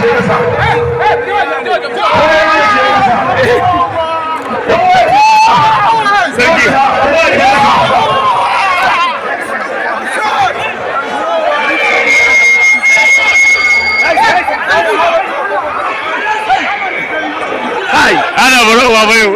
ce kasa Ana bari wa bayo.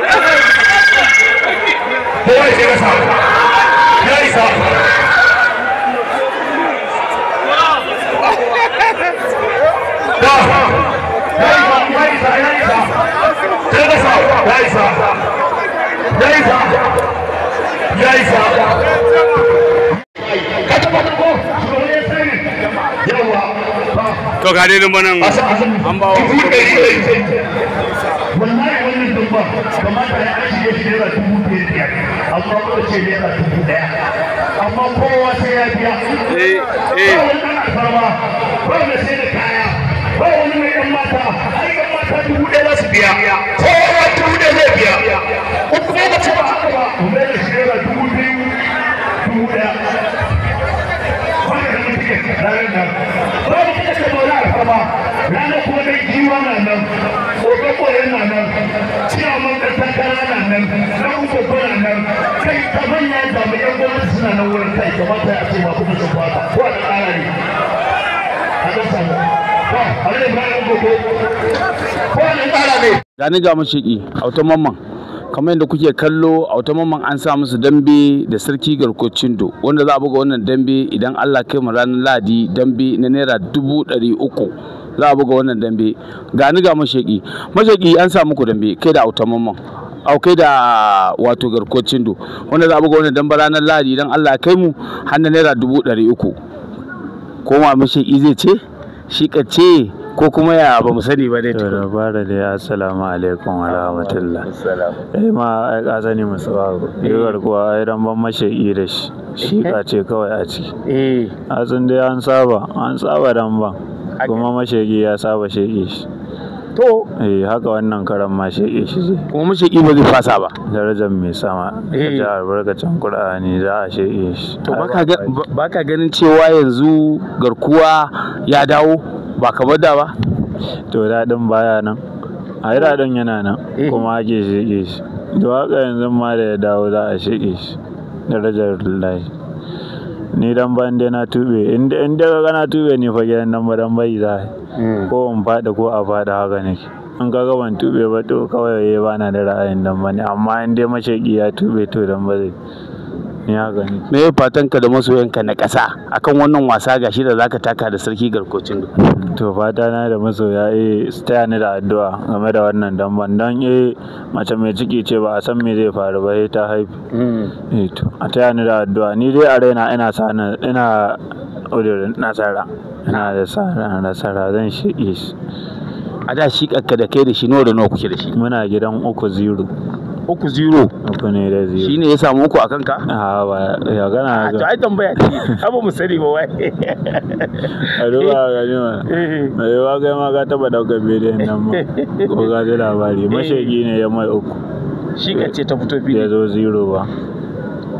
to ga dai dumba an ba wa dubu ɗari wallahi wannan dumba kamata ya an shige shi naira dubu biyar amma kuma ce naira dubu ɗaya amma kowa sai ya biya eh eh ba wani ɗan alfarma ba wani sai da kaya ba wani mai ɗan mata ai ɗan mata dubu ɗaya za su biya kowa dubu ɗaya zai biya kowa ranar kuma dai giwa na nan tsofaffoye na nan ciyaman da takara na nan na ugogo na nan kai ta manya jami'an gwamnati suna nan wurin kai kamata ya ce ma kuma su kwata ko a tsara ne a gasa ne ba a rage ba a ugogo ko a tsara ne. Gani ga mashiki, mamman kamar yadda kuke kallo a wata mamman an sa musu dambe da sarki garkocin do wanda za a buga wannan dambe idan allah kai mu ranar ladi dambe na naira dubu ɗari uku za a buga wannan dambe ga ni ga mashaƙi mashaƙi an sa muku dambe kai da auta mamman kai da wato garkocin do wanda za a buga wannan dambe ranar ladi idan allah kai mu har naira dubu ɗari uku ma mashaƙi zai ce shi ka ce ko kuma ya ba mu sani ba dai ba bara dai assalamu alaikum wa rahmatullah eh ma ai ka sani musu ba yiwuwar eh. kuwa ai dan ban mashe da shi shi eh. ka ce kawai a ciki eh a sun dai an saba an saba dan ban kuma mashegi ya saba shege shi to eh haka wannan karan ma shege shi zai kuma mashegi ba zai fasa ba darajar mai sama eh. da albarkacin qur'ani za a shege shi to baka ganin cewa yanzu garkuwa ya dawo ba kamar da ba to daɗin baya nan yi daɗin yana nan eh. kuma ake sheƙe shi da waƙa yanzu ma da ya dawo za a sheƙe shi darajar lullahi ni dan ban inda na tube in da ga na tube ni fa gidan nan ba dan bai za hmm. ko in faɗi ko a faɗi haka ne in ka ban tube ba to kawai ba na da ra'ayin dan ne amma in dai mashaƙi ya tube to dan ba zai ya me fatan ka da masoyanka na ƙasa akan wannan wasa gashi da zaka taka da sarki garkocin to fata na da masoya eh su taya ni da addu'a game da wannan ban dan eh mace mai ciki ce ba a san me zai faru ba eh ta haifi hmm. eh to a taya ni da addu'a ni dai a raina ina sa ina odorin nasara ina da sara nasara zan shi a da shi kakka da kai da shi nawa da nawa kuke da shi muna gidan uku zero uku zero uku ne da zero shine ya samu uku akan ka a ba ya gana to ai tambaya ce abu mu sani ba wai a duba ga ni eh. ma mai wa ga ma ga taba daukar bidiyon nan ma ko ga da labari eh. mashegi ne ya mai uku shi ka ce ta fito fili ya zo zero ba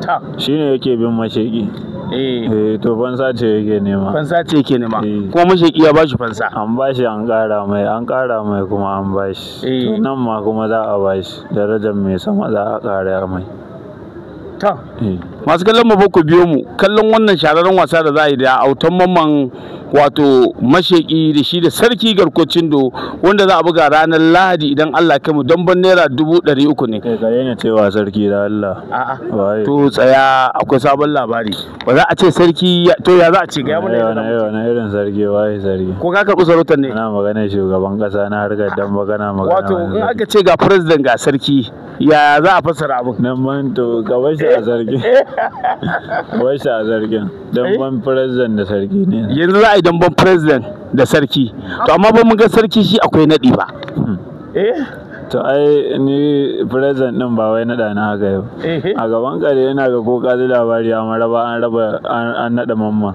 ta shine yake bin mashegi Eh. eh to fansa ce yake nema fansa ce yake nema eh. kuma mashaki ya bashi fansa an bashi an kara mai an kara mai kuma an bashi eh. to nan ma kuma za a bashi darajar mai sama za a kara mai ta masu kallon mu ku biyo mu kallon wannan shararren wasa da za a yi da autan mamman wato masheki da shi da sarki garko cindo wanda za a buga ranar lahadi idan allah kai mu don ban naira dubu ɗari uku ne kai gare ni cewa sarki da allah a'a to tsaya akwai sabon labari ba za a ce sarki to ya za a ce ga mu yau na irin sarki waye sarki ko ka karɓi sarautar ne ana magana shugaban ƙasa na harkar dan magana magana wato in aka ce ga president ga sarki ya za a fassara abin nan man to ka bashi a zargin bashi a zargin dan man president da sarki ne yanzu za a ban president da sarki to amma ba mun ga sarki shi akwai naɗi ba eh? to ai ni president din ba wai naɗa na haka yau eh. a gaban kare yana ga ko labari a maraba an raba an naɗa mamman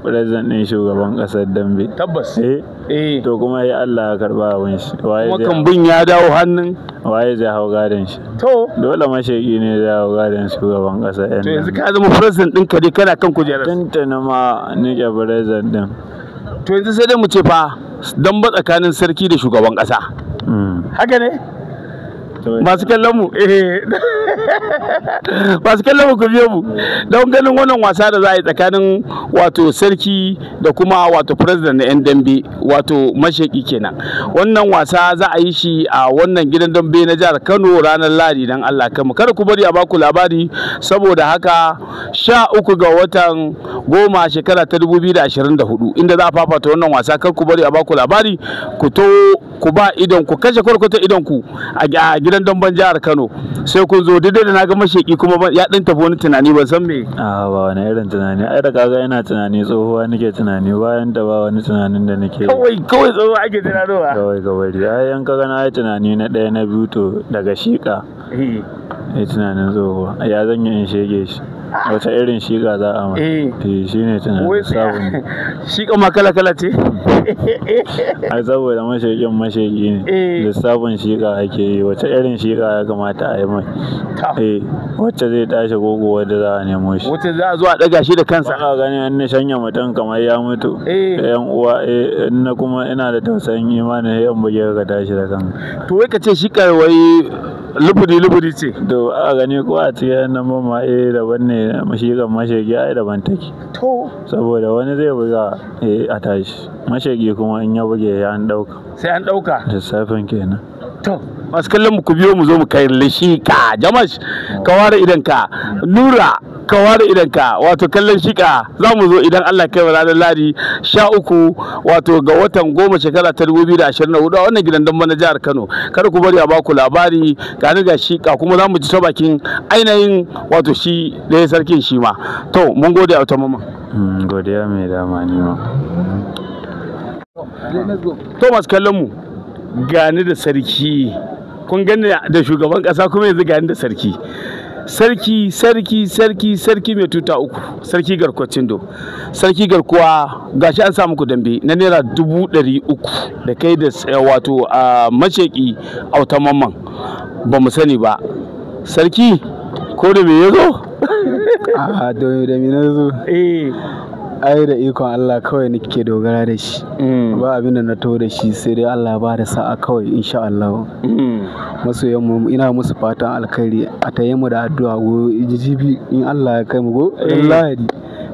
president din shugaban kasar dambe tabbas eh. eh to kuma ya Allah ya karba abin shi waye zai kambun ya dawo hannun waye zai hau gadon shi to dole mashaki ne zai hau gadon shugaban kasar yan to yanzu ka zama president din ka dai kana kan kujerar tantana ma ke president din to yanzu sai dai mu ce fa dan ba tsakanin sarki da shugaban kasa hmm. haka ne masu kallon mu eh masu kallon mu ku biyo mu don ganin wannan wasa da za a yi tsakanin wato sarki da kuma wato president na yan dambe wato mashaki kenan wannan wasa za a yi shi a wannan gidan dambe na jihar Kano ranar Ladi dan Allah kama kada ku bari a baku labari saboda haka sha uku ga watan goma shekara ta 2024 inda za a fafata wannan wasa kar ku bari a baku labari ku to ku ba idon ku kashe kwarkwata idon ku a gidan dambon jihar Kano sai kun zo duk da na ga masheki kuma ya dan tafi wani tunani ban san me a ba wani irin tunani ai da kaga ina tunani tsohuwa nake tunani bayan da ba wani tunanin da nake kawai kawai tsohuwa ake tunanowa kawai kawai ai an kaga na ai tunani na ɗaya na biyu to daga shika eh tunanin tsohuwa ya zan yi in shege shi Wata irin shiƙa za a mai? Eh. Eh, shi ne tunanin eh. sabon. Shiƙa ma kala kala ce? a saboda mashaikin mashaiki ne. Da sabon shiƙa ake yi. Wata irin shiƙa ya kamata a yi mai? Wacce zai tashi koko wadda za a nemo shi. Wacce za a zo a ɗaga shi da kansa. Ba gani an shanya mutum kamar ya mutu. Yan uwa na kuma ina da tausayin imanin yan buge ka tashi da kanka. To wai ka ce shiƙar wai lubudi lubudi ce. To a gani ko a cikin nan ma eh da ne shi kan mashaƙi ai daban take. To. Saboda wani zai buga eh a tashi, mashegi kuma in ya buge ya an ɗauka. Sai an ɗauka? Lissafin kenan. to masu kallon mu ku biyo mu zo mu kai shi ka jamash ka ware idan ka nura ka ware idan ka wato kallon shika za mu zo idan Allah kai wa ranar ladi sha uku wato ga watan goma shekara ta dubu biyu da ashirin da hudu a wannan gidan dambe na jihar Kano kada ku bari a ba ku labari ga ni ga shika kuma za mu ji ta bakin ainihin wato shi da ya sarkin shi ma to mun gode a wata mama. Mm, godiya mai dama ne ma. to masu kallon mu gani da sarki kun gani da shugaban ƙasa kuma yanzu gani da sarki sarki sarki sarki sarki mai tuta uku sarki garkuwa cindo sarki garkuwa gashi an samu ku dambe na naira dubu ɗari uku da kai da eh, wato a maceki mamman, ba mu sani ba sarki ko da me ya zo a ah, da me na zo eh Ai da ikon Allah kawai nake dogara da shi. Mm. Ba abin da na to da shi sai dai Allah ba da sa'a kawai insha Allah. Mm. masu yamma ina musu fatan alkhairi a ta mu da addu'a go jibi in Allah ya kai mu go. Eh. Lahadi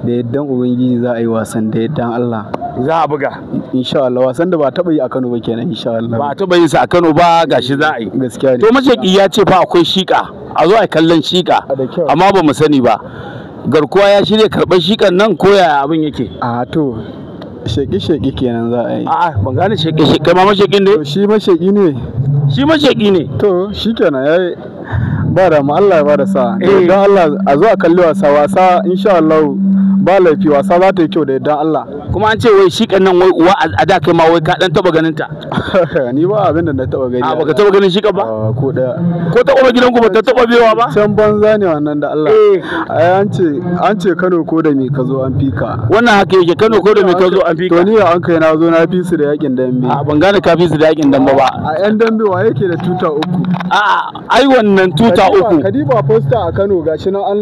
da yaddan Ubangiji za a yi wasan da yaddan Allah. Za a buga. Insha Allah wasan da ba taɓa yi a Kano ba kenan insha Allah. Ba taɓa yin sa a Kano ba gashi za a yi. Gaskiya ne. To mashaki ya ce fa akwai shika a zo a kallon shika amma ba mu sani ba. garkuwa ya shirya karɓar shikan nan ko yaya abin yake a to sheki-sheki kenan za a yi a'a ban gane sheki-sheki ma masheki ne shi masheki ne shi masheki ne to shi kenan ya yi ba da mu Allah ya ba da sa eh. don Allah a zo a kalli wasa wasa insha Allah ba laifi wasa za ta yi kyau da yadda Allah kuma an ce wai shi nan wai uwa a da kai ma wai ka dan taba ganin ta ni ba abin da na taba gani a baka taba ganin shi ba ko da ko ta kuma gidan ku ba ta taba bewa ba can banza ne wannan da Allah eh. ai an ce an ce Kano ko da me ka zo an fika wannan haka yake Kano ko da me ka zo an fika to ni an kai na zo na fi su da yakin dambe a ban gane ka fi su da yakin dambe ba a yan dambe wa yake da tuta uku a ai wannan tuta uku kadiba poster a Kano gashi nan an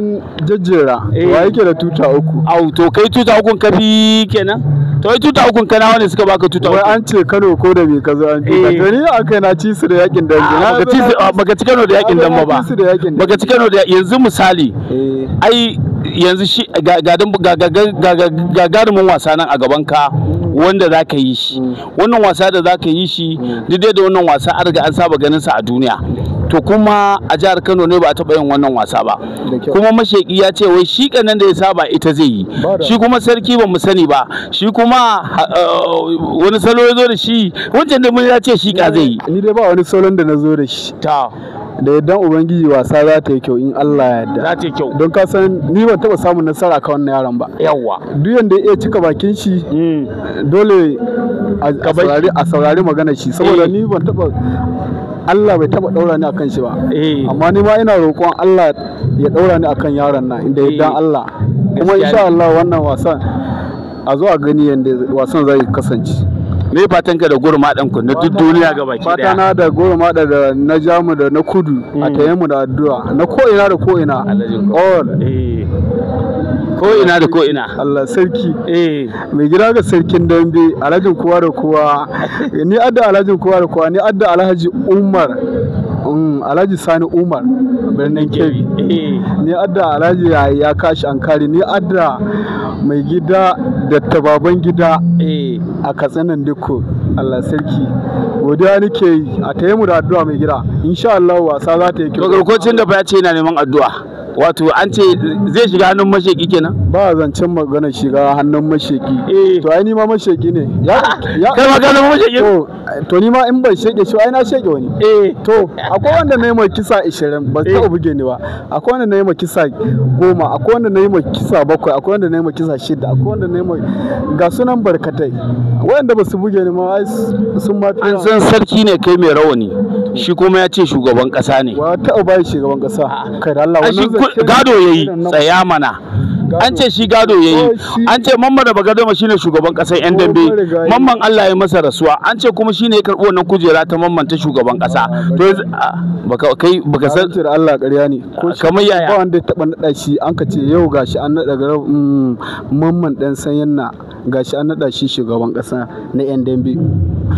jejjera. Eh. wa yake da tuta uku au to kai tuta ukun ka fi kenan to ai tuta ukun na wanda suka baka tuta wai an ce Kano ko da me ka an tuta to ni kai na ci su da yakin dan ba baka ci baka ci Kano da yakin dan ba baka ci Kano da yanzu misali ai yanzu shi ga ga ga ga ga ga wasa nan a ga ka wanda za ka yi shi mm. wannan wasa da za ka yi shi mm. daidai da wannan wasa an riga an saba ganin sa a duniya to kuma a jihar Kano ne ba a taɓa yin wannan wasa ba kuma masheki ya ce wai shi kanan da ya saba ita zai yi shi kuma sarki ba mu sani ba shi kuma uh, wani salo ya zo da shi wancan da mun ya ce shi ka zai yi ni dai ba wani salon da na zo da shi ta da yadda ubangiji wasa za ta yi kyau in Allah ya yarda za ta yi kyau don ka san ni ban taba samun nasara kan wannan yaron ba yawa duk yanda ya cika bakin shi mm. dole a saurari magana shi saboda eh. ni ban taba Allah bai taba daura ni akan shi ba eh. amma ni ma ina roƙon Allah ya daura ni akan yaron nan inda yadda eh. Allah kuma insha Allah wannan wasan a zo a gani yadda wasan zai kasance me fatan ka da gurma dan ku na duk duniya ga baki daya fatana da gurma da na jamu da na kudu a hmm. tayi mu da addu'a na ko ina da ko ina all eh. ko ina da ko ina Allah sarki eh mai gida ga sarkin dambe alhajin kowa da kowa ni adda alhajin kowa da kowa ni adda alhaji Umar alhaji sani umar birnin kebbi eh. ni adda alhaji ya kashi ankari ni adda mai gida da tababan gida eh. a katsinan duku Allah sarki godiya nake yi a taya mu da addu'a mai gida insha Allah wasa za ta yi kyau lokacin da ba ya ce yana neman addu'a wato an ce zai shiga hannun masheki kenan ba zancen magana shiga hannun masheki eh. to ai ni ma masheki ne ah, kai ma gano masheki to to ni ma in ban sheke shi ai na sheke wani eh to akwai wanda na yi ma kisa 20 ba ta buge ni ba akwai wanda na yi ma kisa 10 akwai wanda na yi ma kisa 7 akwai wanda na yi ma kisa 6 akwai wanda na yi ma ga sunan barkatai wanda ba su buge ni ma an san sarki ne kai mai rawani shi kuma ya ce shugaban kasa ne wa ta ubai shugaban kasa kai da Allah wannan gado yayi tsaya mana an ce shi gado ya yi, an ce mamman da bagadama shine shugaban kasar yan dambe mamman Allah ya masa rasuwa an ce kuma shine ya karbi wannan kujera ta mamman ta shugaban kasa to baka kai baka san Allah ƙarya ne kamar yaya ba wanda ya taɓa naɗa shi an ka ce yau gashi an naɗa ga mm, mamman dan na gashi an naɗa shi shugaban kasa na yan dambe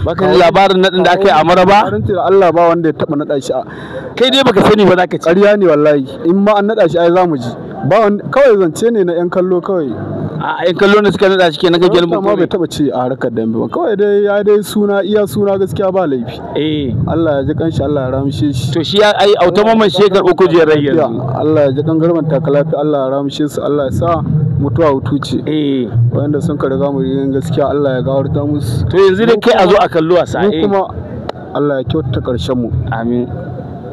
baka ji labarin naɗin da aka yi a maraba Allah ba wanda ya taɓa naɗa shi kai dai baka sani ba za ka ci ƙarya ne wallahi in ma an naɗa shi ai mu ji ba kawai zance ne na yan kallo kawai a yan kallo ne suka nada na kenan gelmo kuma bai taba ce a harkar dambe ba kawai dai ya dai suna iya suna gaskiya ba laifi eh Allah ya ji kanshi Allah ya ramshe shi to shi ai automaman shi jiya, kujerar yanzu Allah ya ji kan garban takalafi Allah ya ramshe su Allah ya sa mutuwa hutu ce eh wanda sun ka riga mu gaskiya Allah ya gawarta musu to yanzu dai kai a zo a kallo a sa'a eh. kuma Allah ya kyautata karshen mu amin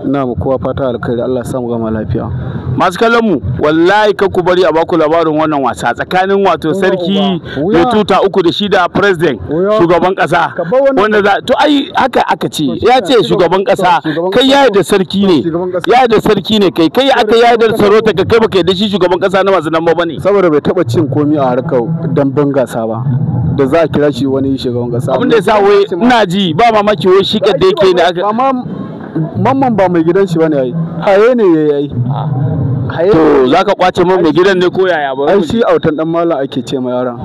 ina mu kowa fata alkhairi Allah samu gama lafiya masu kallon mu wallahi ka ku bari a baku labarin wannan wasa tsakanin wato sarki mai tuta uku da shi da president shugaban kasa wanda za to ai haka aka ce ya ce shugaban kasa kai ya da sarki ne ya da sarki ne kai kai aka ya da sarauta ka kai baka da shi shugaban kasa na masu nan ba ne saboda bai taba cin komi a harkar damben gasa ba da za a kira shi wani shugaban kasa abin da ya sa wai ina ji ba mamaki wai shi da yake ne aka mamman ba mai gidan shi bane yayi haye ne yayi haye to zaka kwace mun mai gidan ne ko yaya ba ai shi autan dan mallam ake ce ma yaran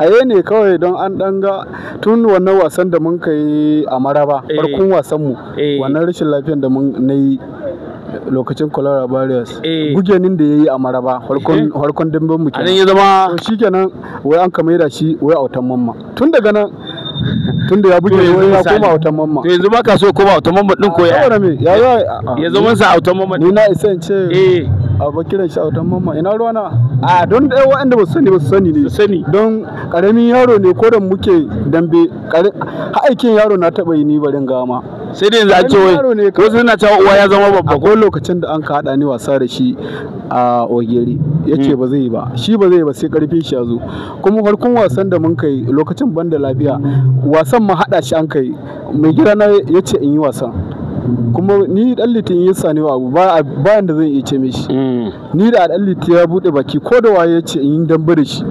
haye ne kawai don an dan ga tun wannan wasan da mun kai eh. eh. eh. a maraba farkon wasan mu wannan rashin lafiyar da mun nayi lokacin kolara barriers gugenin da ya yi a maraba harkon dimbin muke mu kenan wai an kamaida shi wai autan mamma tun daga nan tunda ya buge wani ya koma autan mamma to yanzu baka so koma autan mamma din ko ya ya zama sa autan mamma ni na isa in ce eh abu kiran shi wutan mamma ina ruwana a don da yawa inda ba su sani ba su sani ne sani don karamin yaro ne ko da muke dambe haikin yaro na taba yi ni barin gama sai dai za a ce wai wasu na cewa uwa ya zama babba ko lokacin da an ka hada ni wasa da shi a ogeri yace hmm. ba zai ba shi ba zai ba sai karfin shi ya zo kuma farkon wasan da mun kai lokacin banda lafiya wasan ma hada shi an kai mai gida na yace in yi wasan kuma ni dan litin ya sani wa abu ba da zan iya ce mishi mm. ni da dan litin ya bude baki ko da waye ya ce in dambe da shi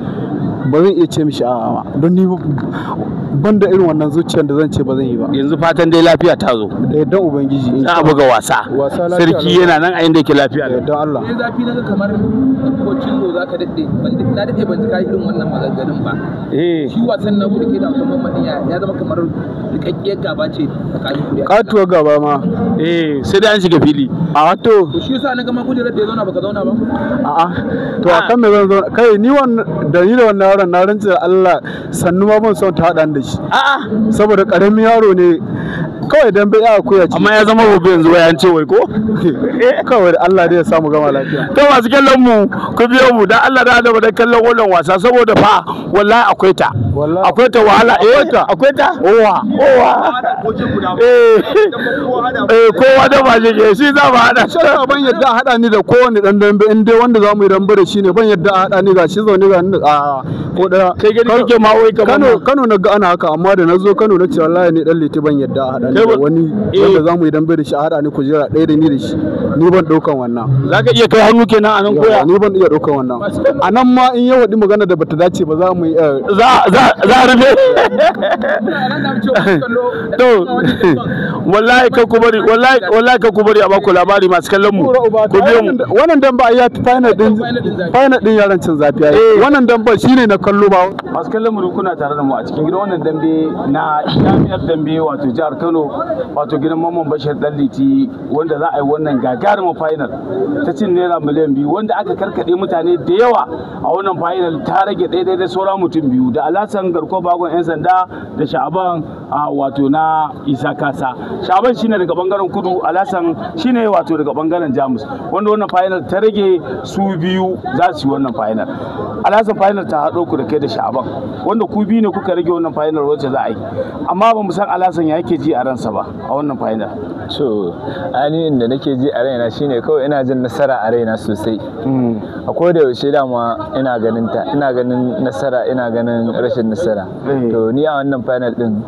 ba zan iya ce mishi a ba don ni ban da irin wannan zuciyar da zan ce ba zan yi ba yanzu fatan dai lafiya ta zo da yadda ubangiji in a buga wasa sarki yana nan a inda yake lafiya da yadda Allah ne zafi na kamar kocin zo zaka dade ban na dade ban ji kai irin wannan maganganun ba eh shi wasan na gudu ke da kuma madiya ya zama kamar rikakkiyar gaba ce tsakanin ku katuwa gaba ma eh sai dai an shiga fili a wato shi yasa naga ma kujerar da ya zauna baka zauna ba a'a to akan ah. me zan zauna kai ni wannan da ni da wannan yaron na rantse Allah sannu ma ban son ta haɗa da shi a'a saboda karamin yaro ne kawai dan bai aka koya amma ya zama gobe yanzu ba yan ce wai ko kawai da Allah dai ya samu gama lafiya to masu kallon mu ku biyo mu dan Allah da da kallon wannan wasa saboda fa wallahi akwai ta akwai ta wahala eh akwai ta owa owa eh eh kowa da ba ke shi za mu hada shi ban yadda hada ni da kowane dan dambe in dai wanda za mu yi dambe da shi ne ban yadda a hada ni ga shi zaune ga ni a ko daya kai gani karke ma wai kamar Kano Kano na ga ana haka amma da na zo Kano na ce wallahi ni dan litiban yadda a hada ni da wani wanda eh. zamu yi bai da shi a hada ni kujera ɗaya da ni da shi ni ban daukan wannan zaka iya kai hannu kenan a nan koya ni ban iya daukan wannan a nan ma in yau wadi magana da bata dace ba za mu eh. za za za rufe to wallahi ka ku bari wallahi wallahi ka ku bari a baku labari masu kallon mu ku biyo mu wannan dan ba ya final din final din yaran cin zafiya eh. wannan dan ba shine na kallo ba masu kallon mu kuna tare da mu a cikin gidan wannan dambe na jami'ar dambe wato jihar Kano wato gidan Mamman Bashir Dalliti wanda za a yi wannan gagarumin final ta cin naira miliyan biyu wanda aka karkade mutane da yawa a wannan final ta rage daidai da saura mutum biyu da Alhassan Garko Bagon yan sanda da Sha'aban wato na Isa Kasa Sha'aban shine daga bangaren Kudu Alhassan shine wato daga bangaren Jamus wanda wannan final ta rage su biyu za su yi wannan final Alhassan final ta haɗo ku da kai da sha'aban wanda ku biyu ne kuka rage wannan final wacce za a yi amma ba mu san alasan ya ke ji a ransa ba a wannan final so ainihin da nake ji a raina shine kawai ina jin nasara a raina sosai hmm. a da yaushe dama ina ganin ta ina ganin nasara ina ganin rashin nasara eh. to ni a wannan final din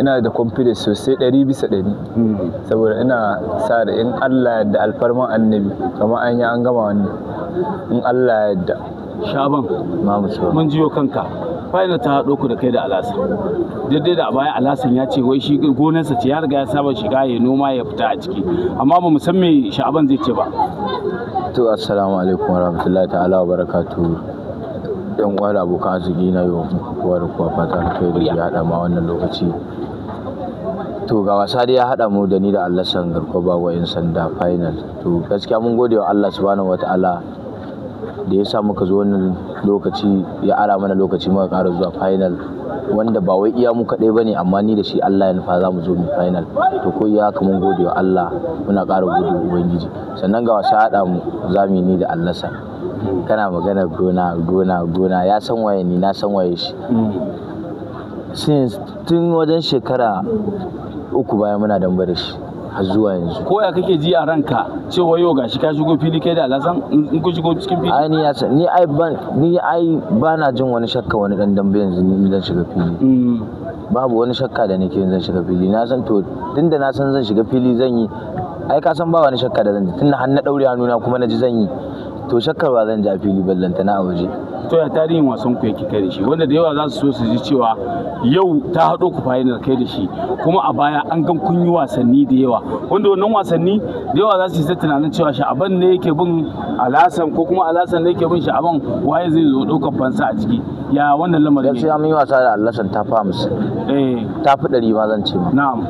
ina da confidence sosai ɗari bisa ɗari hmm. saboda ina sa da in Allah da alfarman annabi kamar an yi an gama wannan in Allah yadda shaban mun jiyo kanka faina ta haɗo ku da kai da alasa daidai da baya alasan ya ce wai shi gonarsa ce ya riga ya saba shiga ya noma ya fita a ciki amma ba mu san me sha'aban zai ce ba to assalamu alaikum warahmatullahi ta'ala wa barakatu. yan uwa da abokan arziki na yau kowa da kowa fata alkhairi ya haɗa ma wannan lokaci to ga wasa dai ya haɗa mu da ni da Allah san ba wa 'yan sanda final to gaskiya mun gode wa Allah subhanahu wataala da ya sa muka zo wannan lokaci ya ara mana lokaci muka ƙara zuwa final wanda ba wai iya mu kaɗai ba ne amma ni da shi Allah ya nufa za mu zo mu final to ko iya haka mun gode wa Allah muna ƙara gode wa Ubangiji sannan ga wasa haɗa mu yi ni da Allasa kana magana gona gona gona ya san waye ni na san waye shi mm. tun wajen shekara uku baya muna dambe da shi har zuwa yanzu ko ya kake ji a ranka cewa yau gashi ka shigo fili kai da alasan in ku shigo cikin fili ai ni ya ni ai ban ni ai na jin wani shakka wani dan dambe yanzu ni zan shiga fili mm. babu wani shakka da nake zan shiga fili na san to tunda na san zan shiga fili zan yi ai ka san ba wani shakka da zan yi tunda har na daure na kuma na ji zan yi to shakkar ba zan ja fili ballanta na a waje to ya tarihin wasan ku yake kai da shi wanda da yawa za su so su ji cewa yau ta haɗo ku final kai da shi kuma a baya an gan kun yi wasanni da yawa wanda wannan wasanni da yawa za su yi tunanin cewa sha'aban ne yake bin alasan ko kuma alasan ne yake bin sha'aban waye zai zo ɗaukar fansa a ciki ya wannan lamarin ne Yaushe mun yi wasa da alasan ta fa musu eh ta fi ɗari ma zan ce ma na'am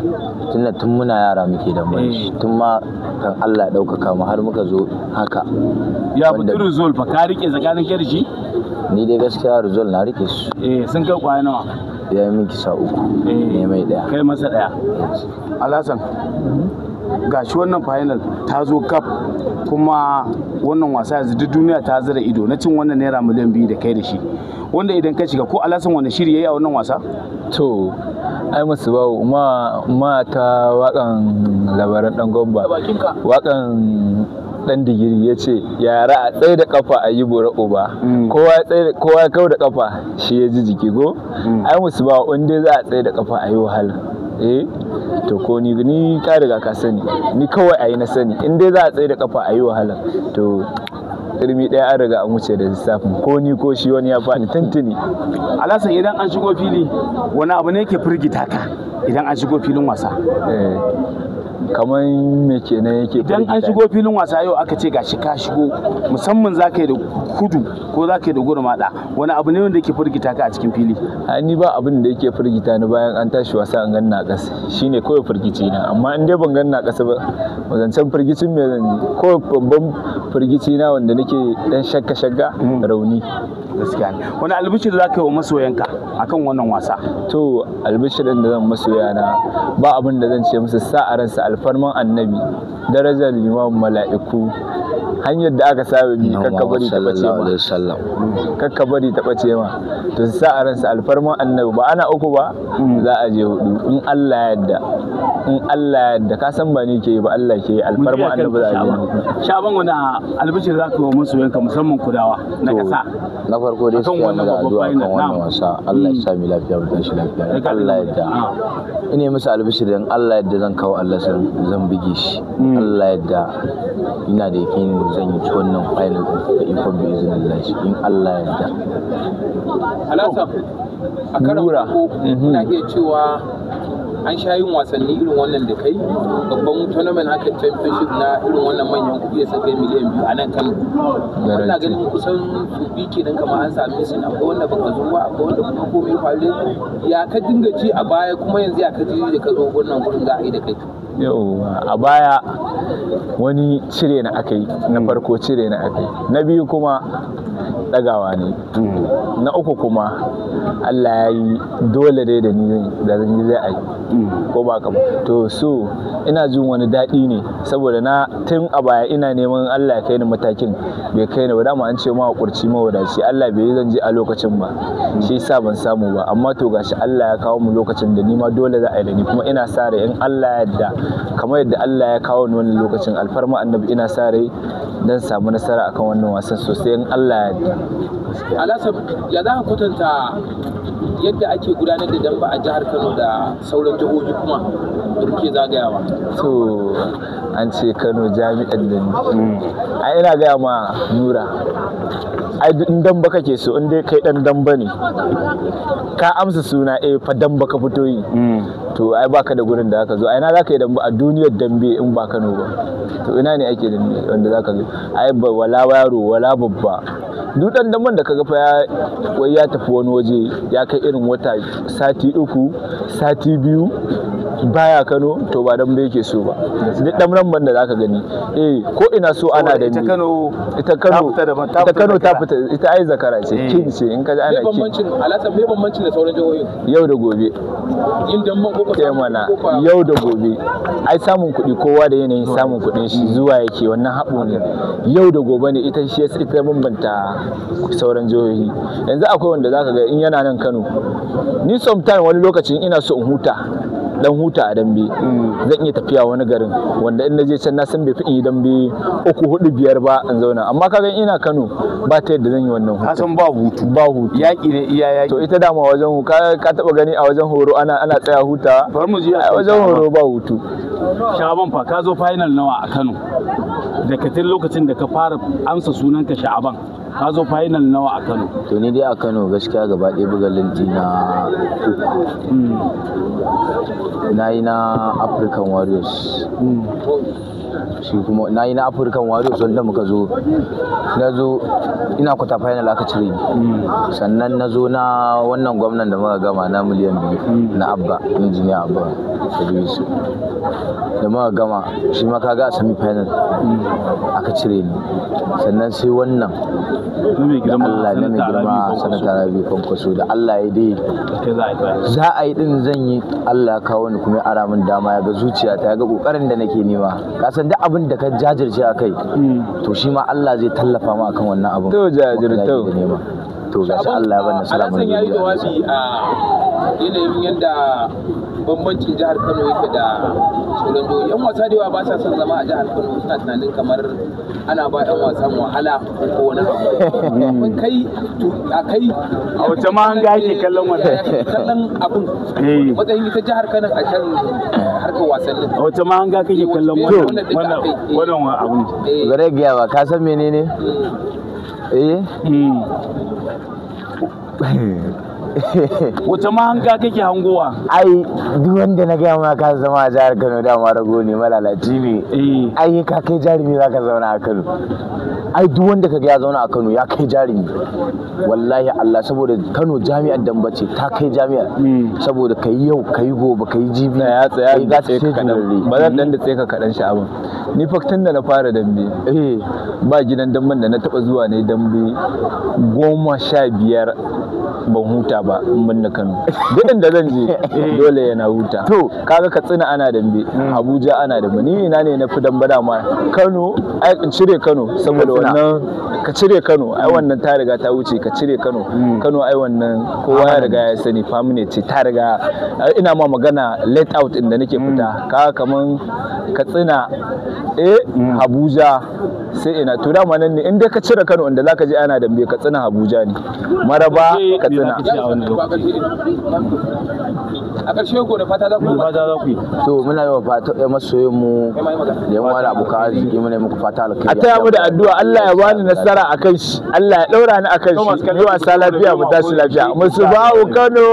da tun muna yara muke da mai eh. tun ma kan Allah ya ɗaukaka mu har muka zo haka ya fi result fa ka rike tsakanin kai shi ni dai gaskiya result na rike su eh sun kai kwaya nawa ya yi miki sa uku ne eh. mai daya kai masa daya alasan gashi wannan final ta zo cup kuma wannan wasa yanzu duk duniya ta zira ido na cin wannan naira miliyan biyu da kai da shi wanda idan ka shiga ko alasan wanda shiri yayi a wannan wasa to ai musu bawo ma ma ta wakan labaran dan gomba wakan dan digiri ya ce yara a tsaye da kafa a yi bora uba mm. kowa ya kau da kafa shi ya ji jiki go mm. ai musu ba wanda za a tsaye da kafa a yi wahala eh to ko ni ni ka riga ka sani ni kawai a yi na sani in dai za a tsaye da kafa a yi wahala to ƙirmi ɗaya an riga an wuce da lissafin ko ni ko shi wani ya faɗi tuntuni alasan idan an shigo fili wani abu ne ke firgita ka idan an shigo filin wasa eh. kamar me nan yake idan an shigo filin wasa yau aka ce gashi ka shigo musamman za ka yi da kudu ko za ka yi da gurmada wani abu ne wanda yake firgita ka a cikin fili ni ba abin da yake firgita ni bayan an tashi wasa an ganna kasa shine kawai firgici na amma in dai ban ganna kasa ba wazancan firgicin me zan ji kawai babban firgici na wanda nake dan shakka shakka mm. rauni gaskiya ne wani albishir za ka yi wa masoyanka akan wannan wasa to albishirin da zan masoya na ba abin da zan ce musu sa a ransa alfarman annabi darajar limamin mala'iku hanyar da aka saba bi kakabari ta bace ma kakka ta bace ma to su sa a ransa alfarman annabi ba ana uku ba hmm. za a je hudu in Allah ya yarda in Allah ya yarda ka san ba ni ke ba Allah ke alfarman annabi za a je hudu shaban wani ah, albishir za ka yi musu yanka musamman kudawa na kasa na farko dai su kai da addu'a kan wannan wasa Allah ya hmm. sa lafiya mu tashi lafiya Allah ya yarda ah. ina musu albishir dan Allah ya yarda zan kawo Allah zan bige shi hmm. Allah ya yarda ina da yakin zan yi wannan final da ikon da zan lashi in Allah ya da. alasa a karan na mhm. iya cewa an sha yin wasanni irin wannan da kai babban tournament haka championship na irin wannan manyan kuɗi sa kai miliyan biyu a nan kano ina ganin kusan tubi nan kama an sami sun akwai wanda baka zo ba akwai wanda kuma komai faru ya ka dinga ci a baya kuma yanzu ya ka ji da ka zo wannan gurin za a yi da kai yau a baya wani cire na aka yi na farko cire na aka yi na biyu kuma ɗagawa ne na uku kuma Allah ya yi dole dai da ni da zan yi zai a yi ko ba ka to so ina jin wani daɗi ne saboda na tun a baya ina neman Allah ya kai ni matakin bai kai ni ba dama an ce ma kurci mawadaci Allah bai yi zan je a lokacin ba shi yasa ban samu ba amma to gashi Allah ya kawo mu lokacin da ni ma dole za a yi da ni kuma ina sa in Allah ya yarda kamar yadda Allah ya kawo ni wannan lokacin alfarma annabi ina sa rai dan samu nasara akan wannan wasan sosai in Allah ya yarda alasa ya za ka kwatanta yadda ake gudanar da damba a jihar kano da sauran jihohi kuma da kuke zagayawa to an ce kano jami'an da mm. A ina gaya ma nura ai in damba kake so in dai kai dan damba ne ka amsa suna eh fa damba ka fito yi mm. to ai baka da gurin da zaka zo ai na zaka yi damba a duniyar dambe in ba Kano ba to ina ne ake dambe wanda zaka zo ai ba wala yaro wala babba duk dan da kaga fa ya wai ya tafi wani waje ya kai irin wata sati uku sati biyu baya Kano to ba dambe yake so ba duk dan damban da zaka gani eh ko ina so ana da ita Kano ita Kano ita Kano ta fita ita ai zakara ce eh. kin ce in ka ji ana kin bambancin bai da sauran jihohi yau da gobe in damban ko ka mana yau da gobe ai samun kuɗi kowa da yanayin samun kuɗin shi zuwa yake wannan haɓo ne yau da gobe ne ita shi ita bambanta sauran jihohi yanzu akwai wanda zaka ga in yana nan Kano ni sometimes wani lokacin ina so in huta dan huta a dambe zan iya tafiya wani garin wanda in naje can na san bai fi in yi dambe uku hudu biyar ba in zauna amma kaga ina Kano ba ta yadda zan yi wannan hutu san ba hutu ba hutu yaki ne iya yaki to ita dama wajen ka taba gani a wajen horo ana ana tsaya huta wajen horo ba hutu sha'aban fa ka zo final nawa a kano da katin lokacin da ka fara amsa sunanka sha'aban ka zo final nawa a kano to ni dai a kano gaskiya gaba ɗaya buga linti na hmm. na yi na african warriors hmm. shi kuma na yi na afirka wario sun da muka zo na zo ina kwata final aka cire ni sannan na zo na wannan gwamnan da muka gama na miliyan biyu na abba injiniya abba da muka gama shi ma kaga a semi final aka cire ni sannan sai wannan da Allah na mai girma sanata rabi kwankwaso da Allah ya dai za a yi din zan yi Allah ya kawo ni kuma ya ara min dama ya ga zuciya ta ya ga kokarin da nake nema ka san duk abin da ka jajirce a kai hmm. to shi ma Allah zai tallafa ma akan wannan abin to jajirtau to ga shi Allah ya bani salamu alaikum ya da wasi a yanayin yadda bambancin jihar Kano yake da sauran do yan wasa da yawa ba sa son zama a jihar Kano suna tunanin kamar ana ba yan wasan wahala ko wani abu hmm. kai to a kai a wace ma an ga yake kallon wannan kallon abun eh. matsayin ita jihar Kano a can harkar wasannin a wace ma an ga kake kallon eh, wannan wannan eh. abun gare giya ba ka san menene hmm. 哎，嗯。wata mahanga kake hangowa ai duk wanda na gaya ma ka zama a jihar kano dama rago ne malalaci ne eh. ai ka kai jarumi za ka zauna a kano ai duk wanda ka ga ya zauna a kano ya kai jarumi wallahi allah saboda kano jami'ar bace ta kai jami'ar hmm. saboda ka yi yau ka yi gobe ka yi jibi ya tsaya ga sai kaɗan ba zan dan da tsaye ka kaɗan abin ni faktin da na fara dambe eh. ba gidan damben da na taɓa zuwa ne dambe goma sha biyar ban huta huta ba in ban da Kano duk da zan je dole yana huta to kaga Katsina ana dambe mm. Abuja ana dambe ni ina ne na fi damba dama Kano ai cire Kano saboda wannan ka cire Kano ai mm. wannan ta riga ta wuce ka cire Kano mm. Kano ai wannan kowa ya riga ya sani famine ce ta riga ina ma magana let out inda nake fita Kaga kaman Katsina eh Abuja sai ina to da ma nan ne in dai ka cire Kano inda zaka je ana dambe Katsina Abuja ne Maraba Katsina wannan lokaci a ƙarshe ko da fata za ku yi fata za ku yi to muna yi wa fata ya masoyin mu da yan wani abokan arziki muna yi muku fata alkhairi a taya mu da addu'a Allah ya bani nasara akan shi Allah ya daura ni akan shi ni wasa lafiya mu tashi lafiya musu ba'u Kano